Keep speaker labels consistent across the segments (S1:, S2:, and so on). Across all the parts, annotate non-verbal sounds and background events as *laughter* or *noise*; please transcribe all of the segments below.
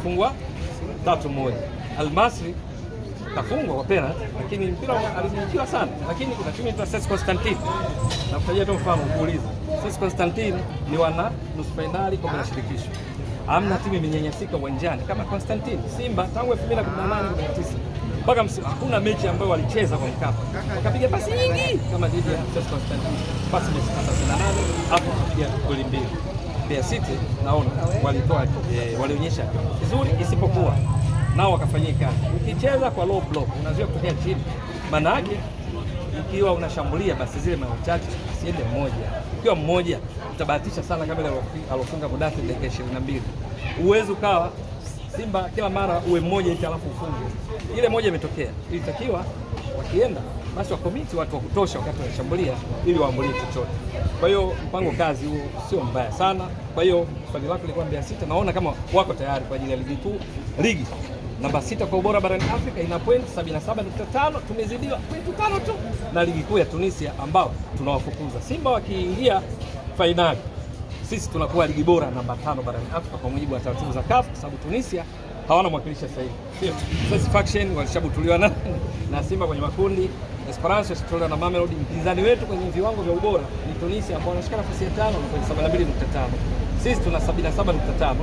S1: kufungwa tatu moja. Almasri kafungwa kwa pena, lakini mpira alizidikiwa sana, lakini kuna timu inaitwa Ses Constantine na kutajia tu mfano kuuliza. Ses Constantine ni wana nusu fainali kombe la shirikisho. Amna timu imenyanyasika uwanjani kama Constantine. Simba tangu 2018 19 mpaka hakuna mechi ambayo walicheza kwa Mkapa wakapiga pasi nyingi kama dhidi ya Constantine, pasi mia sita thelathini na nane hapo wakapiga goli mbili. Mbeya City naona walitoa e, walionyesha vizuri, isipokuwa nao wakafanyia kazi. Ukicheza kwa low block unazuia kutoka chini, maana yake ukiwa unashambulia basi zile mara chache asiende mmoja. Ukiwa mmoja utabahatisha sana, kama ile alofunga Mudathi dakika ishirini na mbili. Uwezi ukawa Simba kila mara uwe mmoja iti alafu ufunge. Ile moja imetokea, ilitakiwa wakienda basi wakomiti watu wa kutosha wakati wanashambulia ili waambulie chochote. Kwa hiyo mpango kazi huo sio mbaya sana. Kwa hiyo swali lako lilikuwa Mbeya City, naona kama wako tayari kwa ajili ya ligi kuu, ligi namba sita kwa ubora barani Afrika, ina point 77.5. Tumezidiwa pointi tano tu na ligi kuu ya Tunisia, ambao tunawafukuza Simba wakiingia fainali, sisi tunakuwa ligi bora namba tano barani Afrika kwa mujibu wa taratibu za CAF, kwa sababu Tunisia hawana mwakilishi sahihi, sio satisfaction, walishabutuliwa na, na Simba kwenye makundi Esperance tutatolewa na Mamelodi. Mpinzani wetu kwenye viwango vya ubora ni Tunisia ambao anashika nafasi ya tano na 72.5. Sisi tuna 77.5.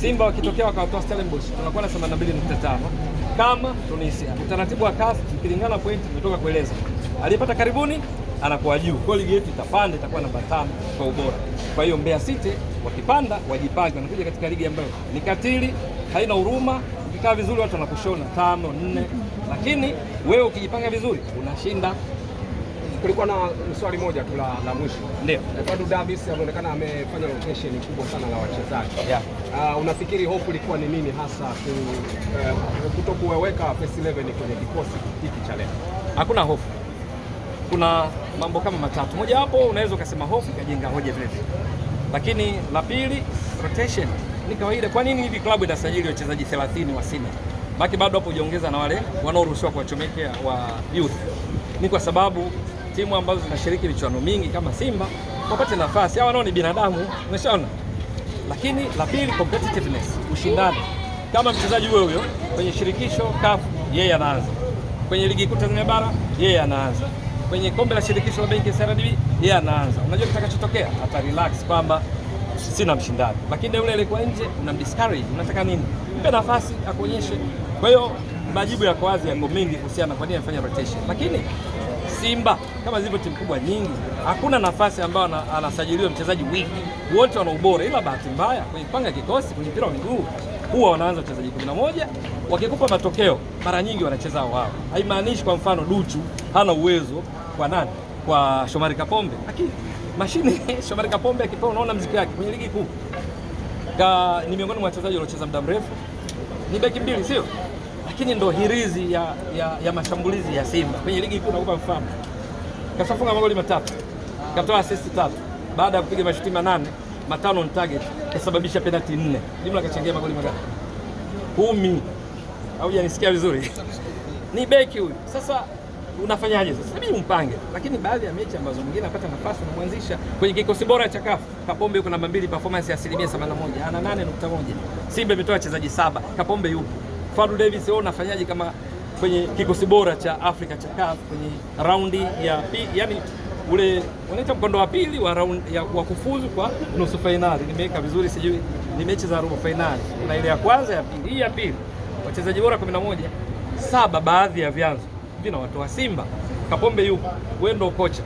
S1: Simba wakitokea wakawatoa Stellenbosch tunakuwa na 82.5 kama Tunisia. Utaratibu wa CAF ukilingana pointi tumetoka kueleza, aliyepata karibuni anakuwa juu. Kwa ligi yetu itapanda, itakuwa namba tano kwa ubora. Kwa hiyo Mbeya City wakipanda, wajipange, wanakuja katika ligi ambayo ni katili, haina huruma. Ukikaa vizuri watu wanakushona tano nne lakini wewe ukijipanga vizuri unashinda.
S2: Kulikuwa na swali moja tu la mwisho, ndio Fadlu Davis ameonekana amefanya rotation kubwa sana la wachezaji yeah. Uh, unafikiri hofu ilikuwa ni nini hasa ku, uh, kuto kuweka first 11 kwenye kikosi hiki cha leo?
S1: Hakuna hofu, kuna mambo kama matatu. Moja wapo unaweza ukasema hofu ikajenga hoja vile vile, lakini la pili rotation ni kawaida. Kwa nini hivi klabu inasajili wachezaji 30 wa senior baki bado hapo hujaongeza na wale wanaoruhusiwa kuwachomekea wa youth. Ni kwa sababu timu ambazo zinashiriki michuano mingi kama Simba wapate nafasi, hawa nao ni binadamu, umeshaona. Lakini la pili, competitiveness, ushindani. Kama mchezaji huyo huyo kwenye shirikisho CAF, yeye anaanza kwenye ligi kuu Tanzania bara, yeye anaanza kwenye kombe la shirikisho la benki CRDB, yeye anaanza. Unajua kitakachotokea, ata relax kwamba sina mshindani, lakini yule aliyekuwa nje unamdiscourage. Unataka nini? Mpe nafasi akuonyeshe kwa hiyo majibu yako wazi, yako mengi kuhusiana kwa nini anafanya rotation, lakini Simba kama zilivyo timu kubwa nyingi, hakuna nafasi ambayo anasajiliwa mchezaji wiki, wote wana ubora, ila bahati mbaya kwenye kupanga kikosi kwenye mpira wa miguu huwa wanaanza wachezaji 11 wakikupa matokeo mara nyingi wanacheza wao. Haimaanishi kwa mfano Duchu hana uwezo kwa nani, kwa Shomari Kapombe, lakini mashine *laughs* Shomari Kapombe akipewa, unaona mziki yake kwenye ligi kuu, ni miongoni mwa wachezaji waliocheza muda mrefu, ni beki mbili, sio lakini ndo hirizi ya, ya, ya mashambulizi ya Simba kwenye ligi kuu. Nakupa mfano, kashafunga magoli matatu, katoa assist tatu, baada ya kupiga mashuti manane, matano on target, kasababisha penalti nne, jumla kachangia magoli mangapi? Kumi. Au janisikia vizuri? *laughs* ni beki huyu. Sasa unafanyaje sasa? Mimi umpange, lakini baadhi ya mechi ambazo mwingine anapata nafasi na mwanzisha kwenye kikosi bora cha CAF. Kapombe yuko namba mbili, performance ya asilimia 81, ana 8.1. Simba imetoa wachezaji saba, Kapombe yupo Fadu Davis wao unafanyaje kama kwenye kikosi bora cha Afrika cha CAF kwenye raundi ya pili, yani ule unaita mkondo wa pili wa round ya wa kufuzu kwa nusu fainali. Nimeweka vizuri, sijui ni mechi za robo fainali, kuna ile ya kwanza, ya pili, hii ya pili. Wachezaji bora 11 saba, baadhi ya vyanzo vinawatoa Simba. Kapombe yupo, wewe ndio kocha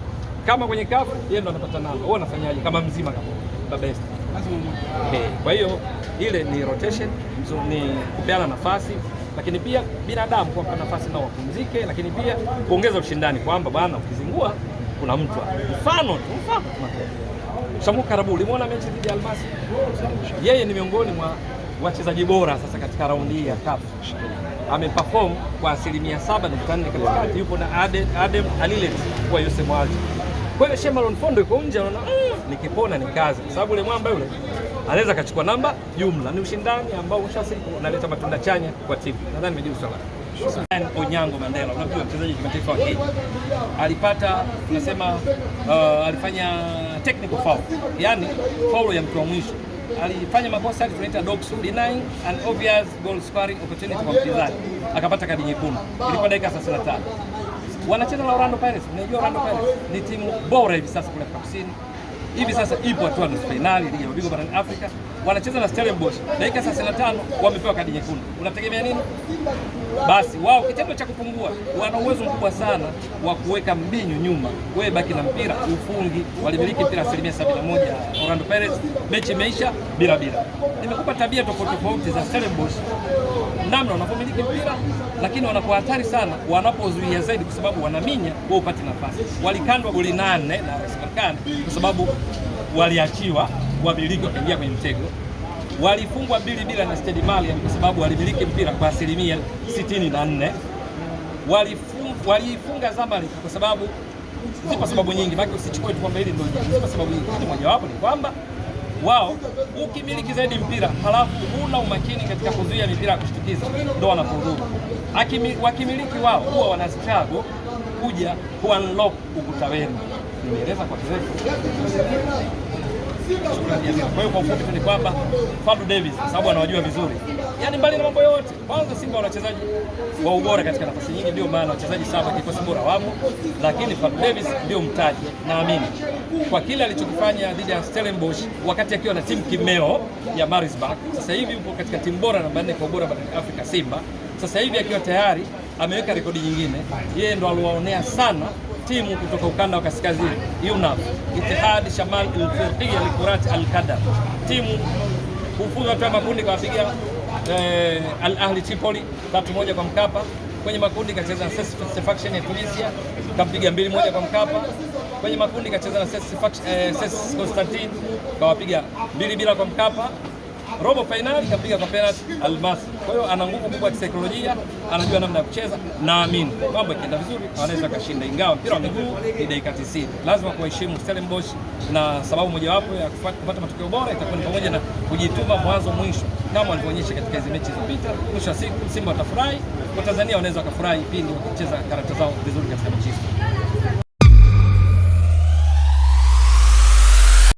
S1: kama kwenye CAF, yeye ndo anapata namba. Wewe unafanyaje kama mzima Kapombe, the best kwa hiyo ile ni rotation ni kupeana nafasi, lakini pia binadamu kuwapa nafasi nao wapumzike, lakini pia kuongeza ushindani kwamba bwana, ukizingua kuna mtu mfano tu, mfano Samu Karabu, ulimuona mechi dhidi ya Almasi, yeye ni miongoni mwa wachezaji bora sasa katika raundi hii ya kafu ameperform kwa asilimia 7.4 katikati, yupo na Adem Alilet kwa Yusemwaji kwa hiyo Shemalon Fondo yuko nje, anaona mm. nikipona ni kazi, kwa sababu yule mwamba yule anaweza akachukua namba jumla. Ni ushindani ambao ushasiku unaleta matunda chanya kwa timu. Nadhani nimejibu swali. Onyango Mandela, unajua mchezaji kimataifa wa Kenya alipata, tunasema uh, alifanya technical foul, yani foul ya mtu wa mwisho alifanya makosa ali tunaita dogs denying an obvious goal scoring opportunity kwa mpinzani, akapata kadi nyekundu, ilikuwa dakika 35 wanacheza na Orlando Pirates. Unajua Orlando Pirates ni timu bora hivi sasa kule kusini, hivi sasa ipo hatua nusu fainali ligi ya mabingwa barani Afrika, wanacheza na Stellenbosch. Dakika 35 wamepewa kadi nyekundu, unategemea nini? Basi wao kitendo cha kupungua, wana uwezo mkubwa sana wa kuweka mbinyu nyuma, wewe baki na mpira ufungi. Walimiliki mpira asilimia 71 Orlando Pirates, mechi imeisha bila bila. Nimekupa tabia tofauti tofauti za Stellenbosch namna wanapomiliki mpira, lakini wanakuwa hatari sana wanapozuia zaidi, kwa sababu wanaminya wao upate nafasi. Walikandwa goli nane na RS Berkane kwa sababu waliachiwa wamiliki wakaingia kwenye mtego. Walifungwa mbili bila na Stade Malien kwa sababu walimiliki mpira kwa asilimia sitini na waliifunga Walifunga Zamalek kwa sababu zipo sababu nyingi, maana usichukue tu kwamba hili ndio sababu nyingi. Mojawapo ni kwamba wao ukimiliki zaidi mpira halafu huna umakini katika kuzuia mipira ya kushtukiza ndo wanapodhuru. Wakimiliki wao huwa wana struggle kuja unlock ukuta wenu. Nimeeleza kwa kirefu. Kwa hiyo kwa ufupi tu ni kwamba Fadlu Davis, kwa sababu anawajua vizuri yani mbali na mambo yote, kwanza Simba wana wachezaji wa ubora katika nafasi nyingi, ndio maana wachezaji saba kikosi bora wapo, lakini Fadlu Davis ndio mtaji. Naamini kwa kile alichokifanya dhidi ya Stellenbosch wakati akiwa na timu kimeo ya Marisburg, sasa hivi yupo katika timu bora namba 4 kwa ubora barani Afrika Simba sasa hivi akiwa tayari ameweka rekodi nyingine. Yeye ndo aliwaonea sana timu kutoka ukanda wa kaskazini UNAF, Ittihad Shamal Al-Firqi al Al-Qadam, timu makundi kwa eh, Al Ahli Tripoli tatu moja kwa Mkapa. Kwenye makundi kacheza na Sefaction ya Tunisia kapiga mbili moja kwa Mkapa. Kwenye makundi kacheza na Ses eh, Constantine kawapiga mbili bila kwa Mkapa robo fainali kapiga kwa penalty Almasri. Kwa hiyo ana nguvu kubwa ya kisaikolojia, anajua namna ya kucheza. Naamini mambo yakienda vizuri anaweza akashinda, ingawa mpira wa miguu ni dakika 90. Lazima kuwaheshimu Stellenbosch, na sababu mojawapo ya kupata matokeo bora itakuwa ni pamoja na kujituma mwanzo mwisho, kama walivyoonyesha katika hizi mechi zilizopita. Mwisho wa siku Simba watafurahi, Watanzania wanaweza wakafurahi pindi wakicheza karata zao vizuri katika mechi